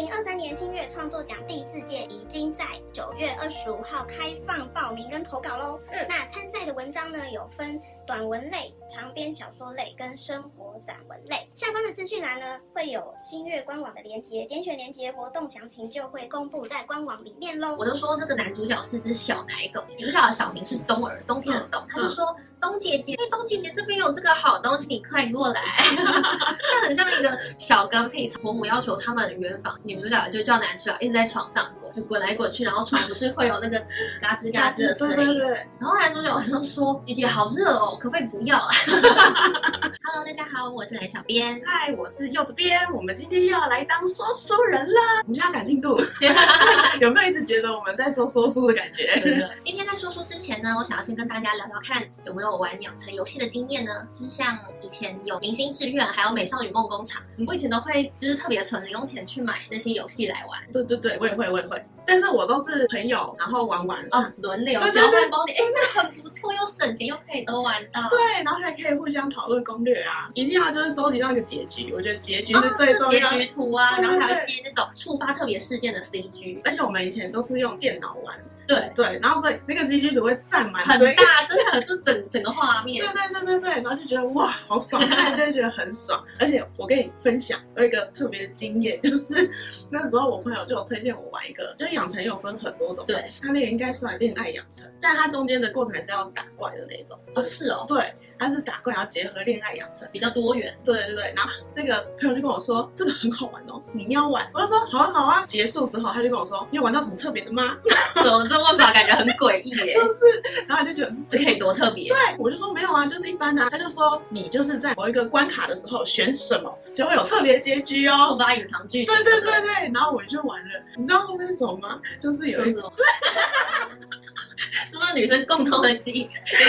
二零二三年新月創作獎第四屆已經在九月二十五號開放報名跟投稿嘍。嗯，那參賽的文章呢，有分。短文類、長篇小說類跟生活散文類，下方的資訊欄呢會有新月官網的鏈接，點選鏈接活動詳情就會公布在官網裡面嘍。我都說這個男主角是隻小奶狗，女主角的小名是冬兒，冬天的冬。她、嗯、就說、嗯、冬姐姐，哎、欸，冬姐姐這邊有這個好東西，你快過來， 就很像一個小跟屁蟲。婆母要求他們圓房，女主角就叫男主角一直在床上滾，就滾來滾去，然後床不是會有那個嘎吱嘎吱的聲音，對，對對，然後男主角就說姐姐好熱哦。可不可以不要？ Hello，大家好，我是藍小編。嗨，我是柚子編。我們今天又要來當說書人了，你這樣趕進度。 有沒有一直覺得我們在說說書的感覺？ 對對對，今天在說書之前呢，我想要先跟大家聊聊，看有沒有玩養成遊戲的經驗呢？就是像以前有明星志願，還有美少女夢工廠、嗯，我以前都會就是特別存着用錢去買那些遊戲來玩。對對對，我也會，我也會。但是我都是朋友，然後玩玩啊，輪、哦、流，輪流交換，哎、欸、這樣很不錯，又省錢 又可以都玩到。對，然後還可以互相討論攻略啊，一定要就是收集到一個結局，我覺得結局是最重要的。啊、結局圖啊對對對，然後還有一些那種觸發特別事件的 CG，對對對，而且我們以前都是用電腦玩。對對，然後所以那個 CG 組會占滿很大，真的就整整個畫面。 對對對對對，然後就覺得哇，好爽，真的就會覺得很爽。 而且我跟你分享，我有一個特別的經驗，就是那時候我朋友就有推薦我玩一個，就養成有分很多種。對，他那個應該算是戀愛養成，但他中間的過程還是要打怪的那種。哦，是哦。對。他是打怪，然後結合戀愛養成，比較多元。對對對，然後那個朋友就跟我說，這個很好玩哦，你要玩？我就說好啊好啊。結束之後，他就跟我說，你有玩到什麼特別的嗎？怎麼這問法感覺很詭異耶？就是，是，然後他就覺得這可以多特別？對，我就說沒有啊，就是一般啊，他就說你就是在某一個關卡的時候選什麼，就會有特別結局哦，觸發隱藏劇情，對對對對。對對對對，然後我就玩了，你知道後面是什麼嗎？就是有那種。是 這是女生共同的記憶。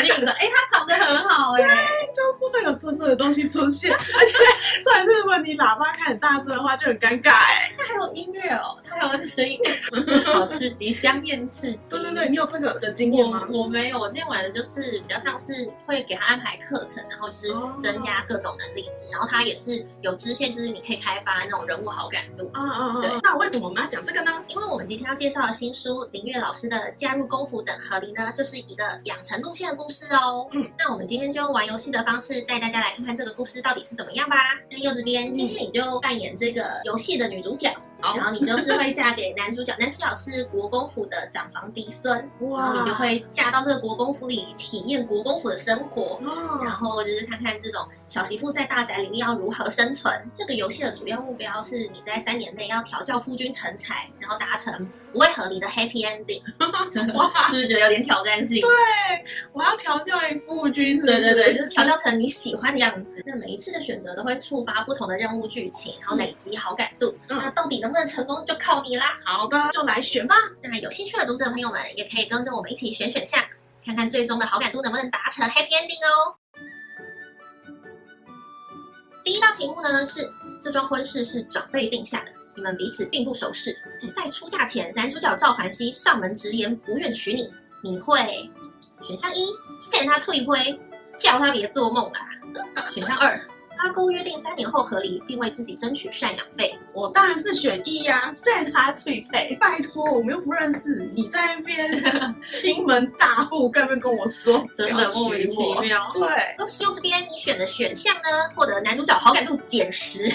林靜你說：“哎、欸，他藏的很好哎、欸，就是會有色色的東西出現， 而且這也是問你喇叭開很大聲的話就很尷尬哎、欸。”他還有音樂哦，他還有那個聲音， 好刺激，香豔刺激。對對對，你有這個的經驗嗎我？我沒有，我今天玩的就是比較像是會給他安排課程，然後就是增加各種能力值，oh, 然後他也是有支線，就是你可以開發那種人物好感度。啊啊啊！對，那為什麼我們要講這個呢？因為我們今天要介紹的新書聆月老師的《嫁入公府等和離》。呢，就是一個養成路線的故事哦。嗯，那我們今天就用玩遊戲的方式帶大家來看看這個故事到底是怎麼樣吧。那右這邊，今天你就扮演這個遊戲的女主角。然後你就是會嫁給男主角， 男主角是國公府的長房嫡孫哇，然後你就會嫁到這個國公府裡，體驗國公府的生活，哦，然後就是看看這種小媳婦在大宅裡面要如何生存。這個遊戲的主要目標是，你在三年內要調教夫君成才，然後達成不會和離的 Happy Ending，哇 是不是覺得有點挑戰性？對，我要調教你夫君，對對對，就是調教成你喜歡的樣子。那 每一次的選擇都會觸發不同的任務劇情，然後累積好感度，那、嗯、到底能能不能成功就靠你啦！好的，就來選吧。那有興趣的讀者朋友們也可以跟着我們一起選選項，看看最終的好感度能不能達成 Happy Ending 哦。嗯、第一道題目呢是：這樁婚事是長輩定下的，你們彼此並不熟識，嗯、在出嫁前，男主角趙桓熙上門直言不願娶你，你會？選項一：勸他退婚，叫他別做夢啦、嗯。選項二。阿公約定三年後和離，並為自己爭取贍養費。我當然是選一呀、啊，贍 他退費。拜托，我們又不認識，你在那邊親門大戶，幹嘛跟我說，真的莫名其妙。對，恭喜右這邊你選的選項呢，獲得男主角好感度減十。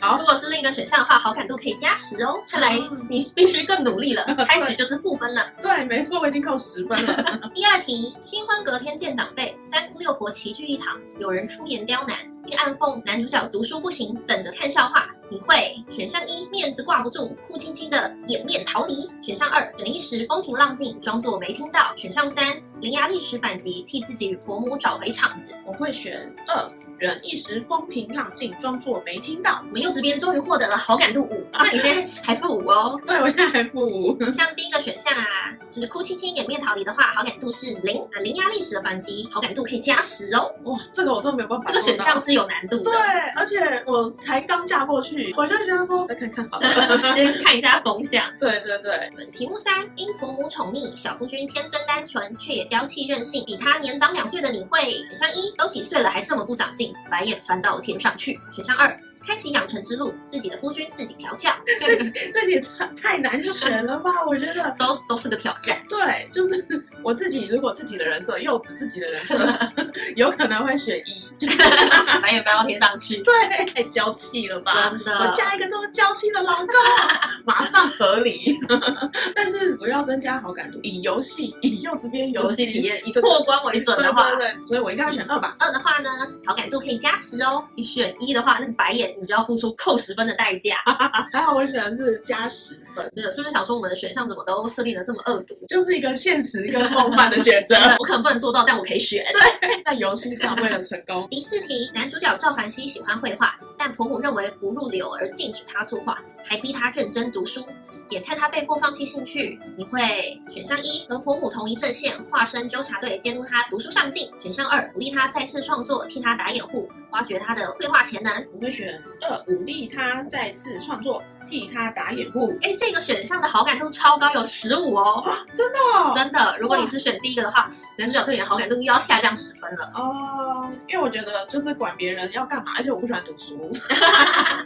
哈。 如果是另一個選項的話，好感度可以加十哦。看來你必須更努力了， 開始就是負分了。對，沒錯，我已經扣十分了。 第二題，新婚隔天見長輩，三姑六婆齊聚一堂，有人出言刁難。並暗諷，男主角讀書不行，等着看笑話。你會選項一，面子掛不住，哭唧唧的掩面逃離；選項二，忍一時風平浪靜，裝作沒聽到；選項三，伶牙俐齒反擊，替自己與婆母找回場子。我會選二。嗯人一時風平浪靜，裝作沒聽到。我們柚子編終於獲得了好感度五，那你先還負五哦。 對，我現在還負五。像第一個選項啊，就是哭唧唧掩面逃離的話，好感度是零啊，零壓力式的反擊，好感度可以加十哦。哇，這個我真的沒有辦法。這個選項是有難度的。對，而且我才剛嫁過去，我就覺得說， 再看看好了， 先看一下風向。 對對對。題目三：因父母寵溺，小夫君天真單純，卻也嬌氣任性。比他年長兩歲的你會？選項一，都幾歲了還這麼不長進？白眼翻到天上去。選項二。開啟養成之路，自己的夫君自己調教，這這也太難選了吧？我覺得都是都是個挑戰。對，就是我自己，如果自己的人設柚子，自己的人設 有可能會選一，就是、 白眼不要貼上去。對，太、欸、嬌氣了吧？真的，我嫁一個這麼嬌氣的老公， 馬上合理。 但是我要增加好感度，以遊戲以柚子邊遊戲體驗以破關為準的話對對對，所以我應該要選二吧，嗯？二的話呢，好感度可以加十哦。你選一的話，那個白眼。你就要付出扣十分的代價， 還好我選的是加十分對，真的，是不是想說我們的選項怎麼都設定的這麼惡毒？就是一個現實跟夢幻的選擇， 我可能不能做到，但我可以選。對，在遊戲上為了成功。 第四題，男主角趙桓熙喜歡繪畫，但婆母認為不入流而禁止他作畫，還逼他認真讀書，眼看他被迫放棄興趣，你會選項一，和婆母同一陣線，化身糾察隊監督他讀書上進；選項二，鼓勵他再次創作，替他打掩護，挖掘他的繪畫潛能。我會選。二，鼓勵他再次創作，替他打掩護。哎，這個選項的好感度超高，有十五哦，真的，哦，真的。如果你是選第一個的話，男主角對你的好感度又要下降十分了哦。因為我覺得就是管別人要幹嘛，而且我不喜歡讀書。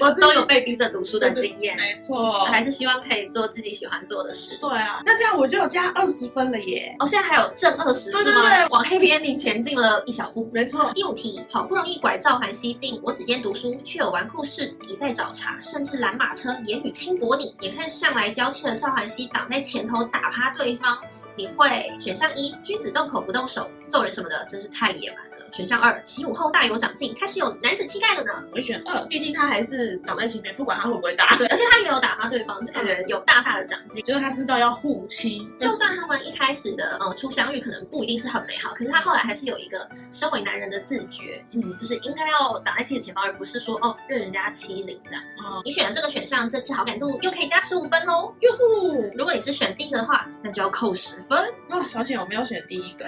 我都有被逼着讀書的經驗，啊、對對沒錯、哦，我還是希望可以做自己喜歡做的事。對啊，那這樣我就有加二十分了耶！哦，現在還有正二十分嗎？對，對，對往黑 a p p 前進了一小步，沒錯。第五題，好不容易拐趙涵西進，我只間讀書，卻有紈絝世子一再找茬，甚至攔馬車，言語輕薄你。眼看向來嬌氣的趙涵西擋在前頭打趴對方，你會選項一，君子動口不動手，揍人什麼的真是太野蠻。選項二，習武後大有長進，開始有男子氣概了呢。我會選二，畢竟他還是擋在前面，不管他會不會打。對，而且他也有打發對方，就感覺有大大的長進、嗯，就是他知道要護妻。就算他們一開始的呃初相遇可能不一定是很美好，可是他後來還是有一個身為男人的自覺，嗯，就是應該要擋在妻子前方，而不是說哦任人家欺凌這樣。哦、嗯，你選了這個選項，這次好感度又可以加十五分哦。喲吼，如果你是選第一個的話，那就要扣十分。啊、哦，而且我沒有選第一個。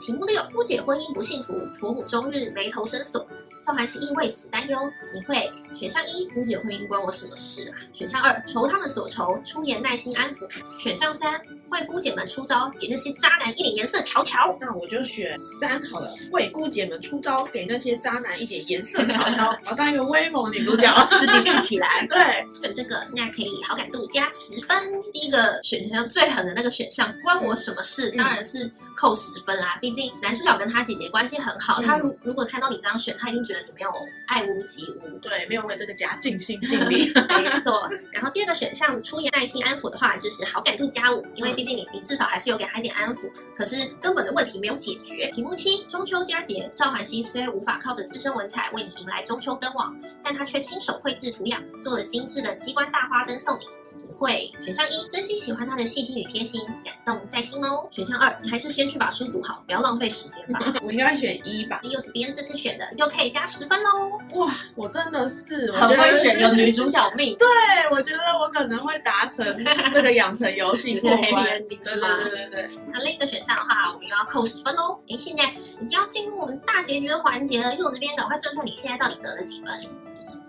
題目六，不解婚姻。不幸福，婆母終日眉頭深鎖，趙桓熙亦為此擔憂。你會選項一，姑姐婚姻關我什麼事啊？選項二，求他們所求，出言，耐心安撫。選項三，為姑姐們出招，給那些渣男一點顏色瞧瞧。那我就選三好了， 為姑姐們出招，給那些渣男一點顏色瞧瞧。我要 當一個威猛女主角， 自己立起來。 對，選這個，那可以好感度加十分。第一個選項最狠的那個選項，關我什麼事？當然是扣十分啦、嗯。畢竟男主角跟他姐姐。關係很好，他如、嗯、如果看到你這樣選，他一定覺得你沒有愛屋及烏，對，沒有為這個家盡心盡力。 沒錯。然後第二個選項出言耐心安撫的話，就是好感度加五，因為畢竟你、嗯、你至少還是有給他一點安撫，可是根本的問題沒有解決。題目七，中秋佳節，趙桓熙雖無法靠着自身文采為你迎來中秋燈網，但他卻親手繪製圖樣，做了精緻的機關大花燈送你。會，選項一，真心喜歡他的細心與貼心，感動在心哦。選項二，你還是先去把書讀好，不要浪費時間吧。 我應該選一吧。柚子邊這次選的又可以加十分嘍。哇，我真的是，我是很會選，有女主角命。 對，我覺得我可能會達成這個養成遊戲過關， 對吧？對對對對。那另一個選項的話，我們又要扣十分哦。誒、欸，現在已經要進入我們大結局的環節了，柚子邊趕快算出你現在到底得了幾分。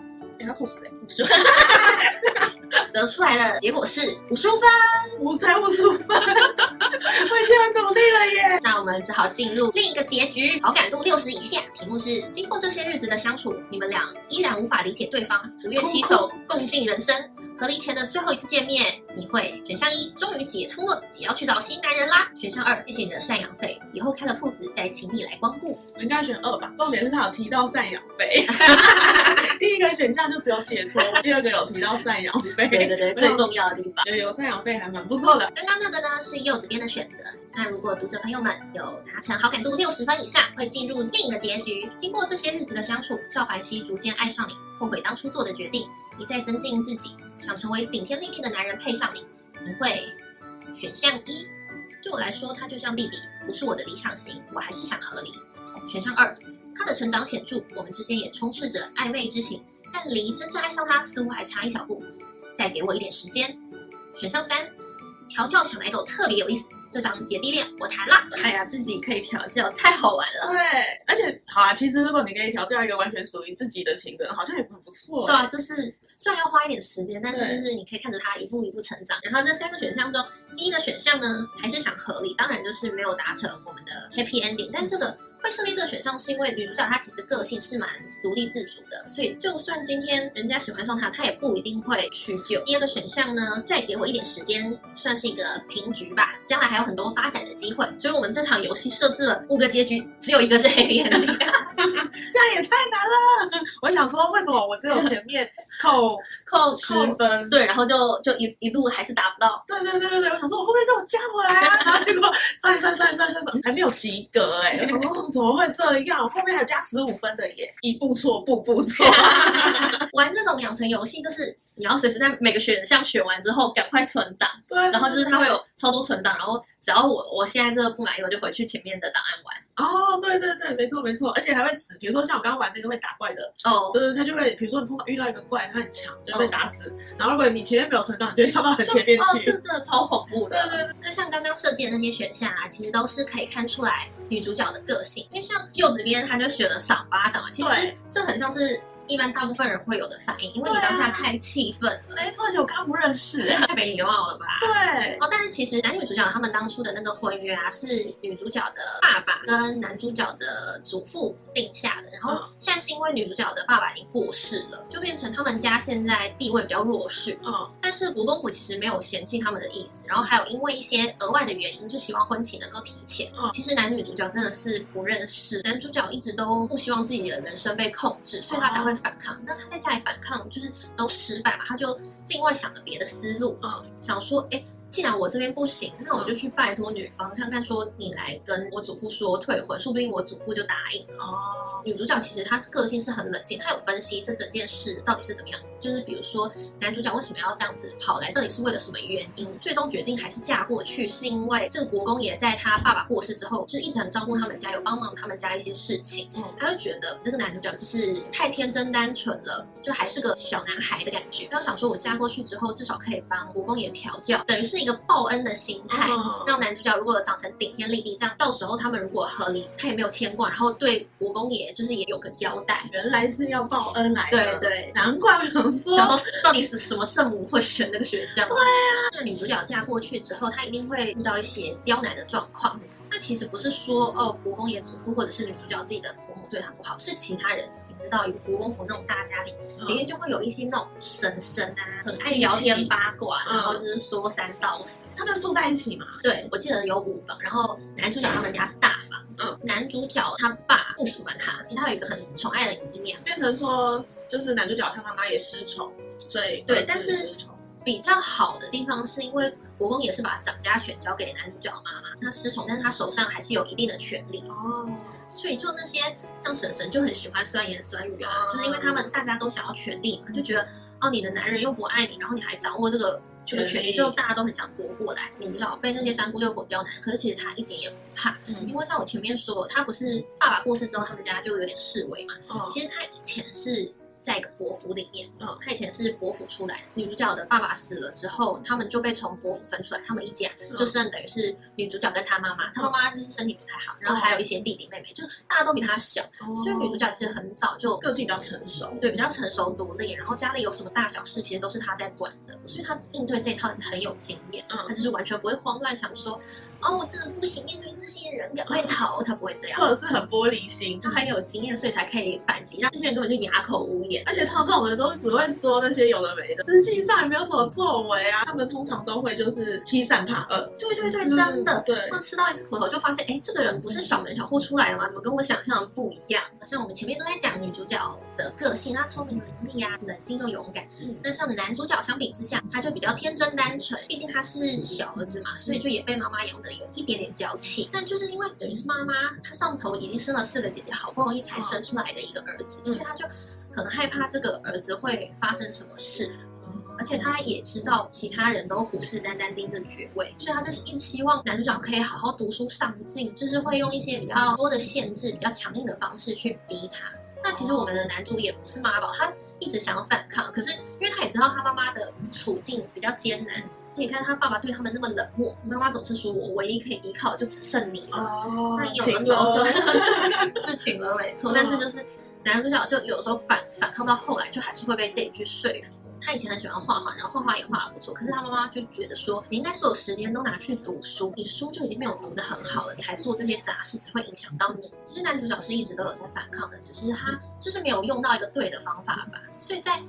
唄、欸，五十。 得出來的結果是五十五分，我才五十五分， 我已經很努力了耶。那我們只好進入另一個結局，好感度六十以下。題目是：經過這些日子的相處，你們倆依然無法理解對方，不願攜手哭哭共進人生。和離前的最後一次見面，你會選項一：終於解脫了，也要去找新男人啦；選項二：謝謝你的贍養費，以後開了鋪子再請你來光顧。應該選二吧，重點是他有提到贍養費。 第一個選項就只有解脫， 第二個有提到贍養費。 對對對，最重要的地方，有贍養費還蠻不錯的。剛剛那個呢是柚子編的選擇。那如果讀者朋友們有達成好感度六十分以上，會進入另一個結局。經過這些日子的相處，趙桓熙逐漸愛上你，後悔當初做的決定，你再增進自己，想成為頂天立地的男人，配上你。你會選項一，對我來說他就像弟弟，不是我的理想型，我還是想和離。選項二。他的成長顯著，我們之間也充斥着曖昧之情，但離真正愛上他似乎還差一小步，再給我一點時間。選項三，調教小奶狗特別有意思，這張姐弟戀我談了，哎呀，自己可以調教，太好玩了。對，而且好啊，其實如果你可以調教一個完全屬於自己的情人，好像也不錯。對啊，就是雖然要花一點時間，但是就是你可以看着他一步一步成長。然後這三個選項中，第一個選項呢還是想和離，當然就是沒有達成我們的 happy ending，但這個。會設立這個選項是因為女主角她其實個性是蠻獨立自主的，所以就算今天人家喜歡上她，她也不一定會屈就。第二個選項呢，再給我一點時間，算是一個平局吧，將來還有很多發展的機會。所以我們這場遊戲設置了五個結局，只有一個是黑暗的。 這樣也太難了，我想說，為什麼我只有前面扣扣十分？對，然後就就一一路還是達不到。對對對對對，我想說我後面都有加回來啊，然後結果算算算算算，還沒有及格哎、欸！怎麼會這樣？後面還有加十五分的耶，一步錯步步錯。玩這種養成遊戲就是。你要隨時在每個選項選完之後趕快存檔，對。然後就是它會有超多存檔，然後只要我我現在這個不滿意，我就回去前面的檔案玩。哦，對對對，沒錯沒錯，而且還會死。比如說像我剛剛玩那個會打怪的，哦，對對，他就會，比如說你碰到遇到一個怪，他很強，就會被打死，哦。然後如果你前面沒有存檔，你就跳到很前面去。哦，這真的超恐怖的。對對對。那像剛剛設計的那些選項啊，其實都是可以看出來女主角的個性。因為像柚子邊，他就選了賞巴掌，其實這很像是。一般大部分人會有的反應，因為你當下太氣憤了。啊、沒錯，就剛不認識，太沒禮貌了吧？對。哦，但是其實男女主角他們當初的那個婚約啊，是女主角的爸爸跟男主角的祖父定下的，然後、嗯。因為女主角的爸爸已經過世了，就變成他們家現在地位比較弱勢。嗯，但是國公府其實沒有嫌棄他們的意思，然後還有因為一些額外的原因，就希望婚期能夠提前。嗯，其實男女主角真的是不認識，男主角一直都不希望自己的人生被控制，所以他才會反抗。嗯，那他在家裡反抗就是都失敗嘛。他就另外想了別的思路。嗯，想說，哎，欸。既然我這邊不行，那我就去拜託女方看看，說，你來跟我祖父說退婚，說不定我祖父就答應了。哦。女主角其實她是個性是很冷靜，她有分析這整件事到底是怎麼樣，就是比如說男主角為什麼要這樣子跑來，到底是為了什麼原因？最終決定還是嫁過去，是因為這個國公爺在他爸爸過世之後，就是一直很照顧他們家，有幫忙他們家一些事情。她、嗯、就覺得這個男主角就是太天真單純了，就還是個小男孩的感覺。她要想說，我嫁過去之後，至少可以幫國公爺調教，等於是。一個報恩的心態，嗯，讓男主角如果長成頂天立地，這樣到時候他們如果和離，他也沒有牽掛，然後對國公爺就是也有個交代。原來是要報恩來，對對，難怪不能說。說到底是什麼聖母會選這個選項？對啊，那女主角嫁過去之後，她一定會遇到一些刁難的狀況。那其實不是說哦，國公爺祖父或者是女主角自己的婆母對她不好，是其他人。你知道一個國公府那種大家庭，裡、嗯、面就會有一些那種嬸嬸啊，很愛聊天八卦、嗯，然後就是說三道四。他們住在一起嘛？對，我記得有五房，然後男主角他們家是大房。嗯，男主角他爸不喜歡他，因為他有一個很寵愛的姨娘。變成說，就是男主角他媽媽也失寵，所以對，但是比較好的地方是因為。國公也是把掌家權交給男主角媽媽，他失寵，但是他手上還是有一定的權力。哦、oh.。所以就那些像嬸嬸就很喜歡酸言酸語啊，oh. 就是因為他們大家都想要權力嘛，就覺得哦，你的男人又不愛你，然後你還掌握這個這個權力，就大家都很想奪過來。嗯、你不知道被那些三姑六婆刁難，可是其實他一點也不怕、嗯，因為像我前面說，他不是爸爸過世之後他們家就有點式微嘛，oh. 其實他以前是。在一個伯府裡面，嗯，他以前是伯府出來的，女主角的爸爸死了之後，他們就被從伯府分出來。他們一家就剩等於是女主角跟她媽媽，她媽媽就是身體不太好，嗯，然後還有一些弟弟妹妹，就大家都比她小，哦，所以女主角其實很早就個性比較成熟，對，比較成熟獨立。然後家裡有什麼大小事，其實都是她在管的，所以她應對這一套很，很有經驗，她，嗯，就是完全不會慌亂，想說。哦，我真的不行，面對這些人趕快逃，他不會這樣。或者是很玻璃心，他很有經驗，所以才可以反擊，讓這些人根本就啞口無言。而且他這種人都是只會說那些有的沒的，實際上也沒有什麼作為啊。他們通常都會就是欺善怕惡。對對對，真的。對，我吃到一次苦頭就發現，哎，這個人不是小門小戶出來的嗎？怎麼跟我想象的不一樣？像我們前面都在講女主角的個性，她聰明伶俐啊，冷靜又勇敢。那、嗯、像男主角相比之下，他就比較天真單純，畢竟他是小兒子嘛、嗯，所以就也被媽媽養的。有一點點嬌氣，但就是因為等於是媽媽，她上頭已經生了四個姐姐，好不容易才生出來的一個兒子，哦、所以她就可能害怕這個兒子會發生什麼事、嗯，而且他也知道其他人都虎視眈眈盯着爵位，所以他就是一直希望男主角可以好好讀書上進，就是會用一些比較多的限制、比較強硬的方式去逼他。哦、那其實我們的男主也不是媽寶，他一直想要反抗，可是因為他也知道他媽媽的處境比較艱難。所以你看他爸爸對他們那麼冷漠，媽媽總是說：“我唯一可以依靠的就只剩你了。哦”那有的時候，情了 是情兒沒錯、哦，但是就是男主角就有時候反反抗到後來，就還是會被這一句說服。他以前很喜歡畫畫，然後畫畫也畫得不錯。可是他媽媽就覺得說：“你應該所有時間都拿去讀書，你書就已經沒有讀得很好了，你還做這些雜事，只會影響到你。”其實男主角是一直都有在反抗的，只是他就是沒有用到一個對的方法吧。所以在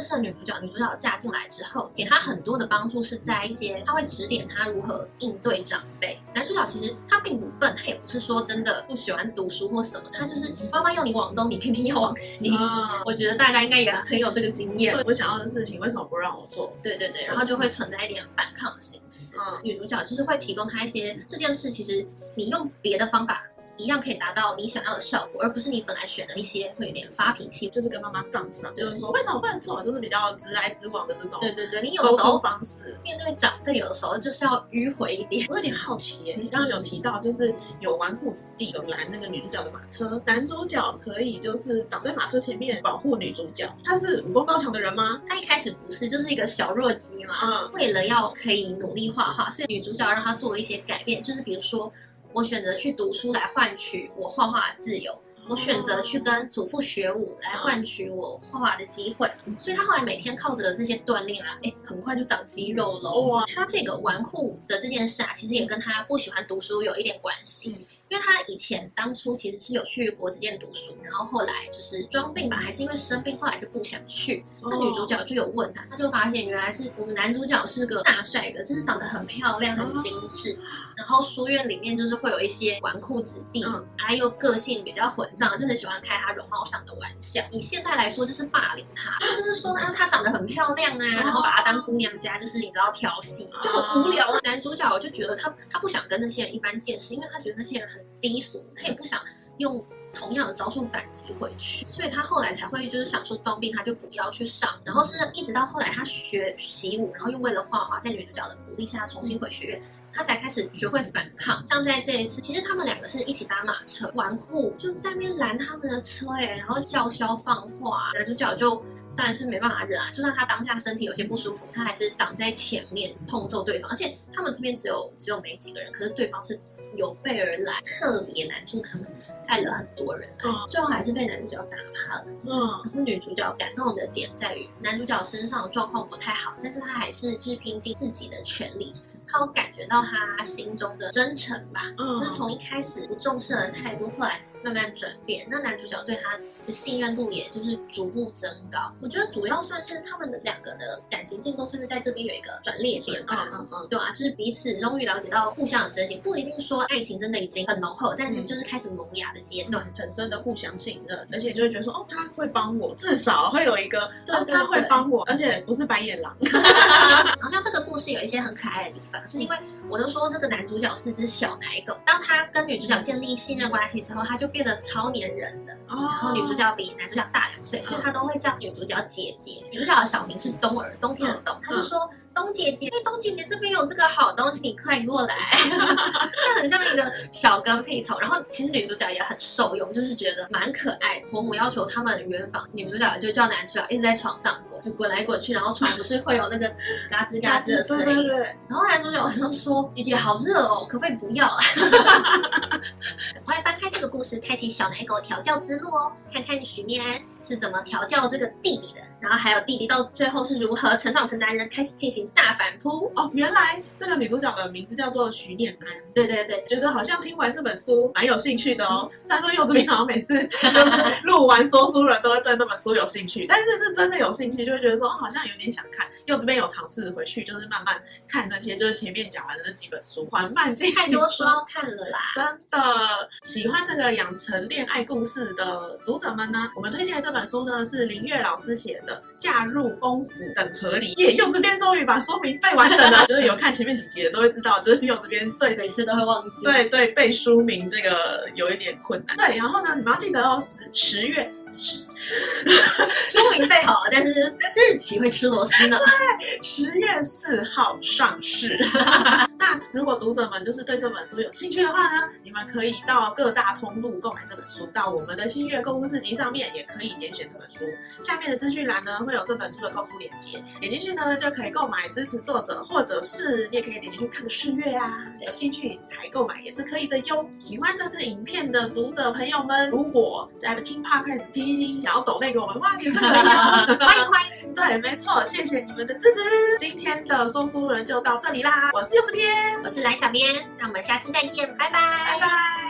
識了女主角，女主角嫁進來之後，給她很多的幫助是在一些，她會指點她如何應對長輩。男主角其實他並不笨，他也不是說真的不喜歡讀書或什麼，他就是媽媽要你往東，你偏偏要往西。嗯、我覺得大家應該也很有這個經驗。對我想要的事情，為什麼不讓我做？對對對，然後就會存在一點反抗的心思。嗯、女主角就是會提供他一些，這件事其實你用別的方法。一樣可以達到你想要的效果，而不是你本來選的一些會有點發脾氣，就是跟媽媽槓上，就是說為什麼我犯就是比較直來直往的這種。對對對，你有時候方式面對長輩，有的時候就是要迂回一點。我有點好奇、欸，你、嗯、剛剛有提到，就是有紈絝子弟有攔那個女主角的馬車，男主角可以就是擋在馬車前面保護女主角，他是武功高強的人嗎？他一開始不是，就是一個小弱雞嘛。嗯。為了要可以努力畫畫，所以女主角讓他做了一些改變，就是比如說。我選擇去讀書來換取我畫畫的自由，我選擇去跟祖父學武來換取我畫畫的機會，所以他後來每天靠着這些鍛鍊啊，誒，很快就長肌肉了。哇，他這個紈絝的這件事啊，其實也跟他不喜歡讀書有一點關係。嗯因為他以前當初其實是有去國子監讀書，然後後來就是裝病吧，還是因為生病，後來就不想去。那女主角就有問他，他就發現原來是我們男主角是個大帥哥，就是長得很漂亮、很精緻。然後書院裡面就是會有一些紈絝子弟，哎，有個性比較混賬，就是、很喜歡開他容貌上的玩笑。以現在來說，就是霸凌他，就是說呢，他長得很漂亮啊，然後把他當姑娘家，就是你知道調戲，就很無聊。男主角就覺得他他不想跟那些人一般見識，因為他覺得那些人很。低俗，他也不想用同樣的招數反擊回去，所以他後來才會就是想說裝病，他就不要去上。然後是一直到後來他學習武，然後又為了畫畫，在女主角的鼓勵下重新回學院，他才開始學會反抗。像在這一次，其實他們兩個是一起搭馬車，紈絝就在那邊攔他們的車欸，誒，然後叫囂放話，男主角就當然是沒辦法忍啊。就算他當下身體有些不舒服，他還是擋在前面痛揍對方。而且他們這邊只有只有沒幾個人，可是對方是有備而來，特別難聽。他們帶了很多人來，最後還是被男主角打趴了。嗯，然後女主角感動的點在於男主角身上的狀況不太好，但是他還是去拼盡自己的全力，他有感覺到他心中的真誠吧？嗯，就是從一開始不重視的態度，後來。慢慢轉變，那男主角對他的信任度也就是逐步增高。我覺得主要算是他們的兩個的感情建構，甚至在這邊有一個轉捩點。嗯嗯嗯，對啊，就是彼此終於了解到互相的真心，不一定說愛情真的已經很濃厚，但是就是開始萌芽的階段、嗯。很深的互相信任，而且就會覺得說哦，他會幫我，至少會有一個，就是、哦、他會幫我，而且不是白眼狼。 好像這個故事有一些很可愛的地方，就是因為我都說這個男主角是隻小奶狗，當他跟女主角建立信任關係之後，他就。變得超黏人的。oh. 然後女主角比男主角大兩歲，嗯，所以他都會叫女主角姐姐。女主角的小名是冬兒，冬天的冬，嗯，他就說。嗯冬姐姐，哎、欸，冬姐姐這邊有這個好東西，你快過來！ 就很像一個小跟屁蟲。然後其實女主角也很受用，就是覺得蠻可愛。婆母要求他們圓房，女主角就叫男主角一直在床上滾，滾來滾去，然後床不是會有那個嘎吱嘎吱的聲音。對對對對。然後男主角好像說：“姐姐好熱哦，可不可以不要、啊？”趕 快翻開這個故事，開啟小奶狗調教之路哦！看看徐念安是怎麼調教這個弟弟的，然後還有弟弟到最後是如何成長成男人，開始進行。大反撲哦！原來這個女主角的名字叫做徐念安。對對對，覺得好像聽完這本書蠻有興趣的哦。嗯、雖然說柚子編好像每次就是錄完說書人都會對這本書有興趣， 但是是真的有興趣，就會覺得說好像有點想看。柚子這邊有嘗試回去，就是慢慢看那些就是前面講完的那幾本書，緩慢進行。太多書要看了啦！真的喜歡這個養成戀愛故事的讀者們呢，我們推薦的這本書呢是聆月老師寫的《嫁入公府等和離》，耶，柚子編周瑜吧。把書名背完整的， 就是有看前面幾集的都會知道。就是你有這邊對每次都會忘記。對對，背書名這個有一點困難。對，然後呢，你們要記得哦，十十月十書名背好了， 但是日期會吃螺絲呢。對，十月四號上市。 那如果讀者們就是對這本書有興趣的話呢，你們可以到各大通路購買這本書，到我們的新月購物市集上面也可以點選這本書。下面的資訊欄呢會有這本書的購書鏈接，點進去呢就可以購買。來支持作者，或者是你也可以點進去看個試閱啊，有興趣才購買也是可以的喲。喜歡這支影片的讀者朋友們，如果在聽 Podcast，聽一聽，想要抖那個文化也是可以的， 歡迎歡迎。對，沒錯，謝謝你們的支持。今天的說書人就到這裡啦，我是幼子編，我是藍小編，那我們下次再見，拜拜，拜拜。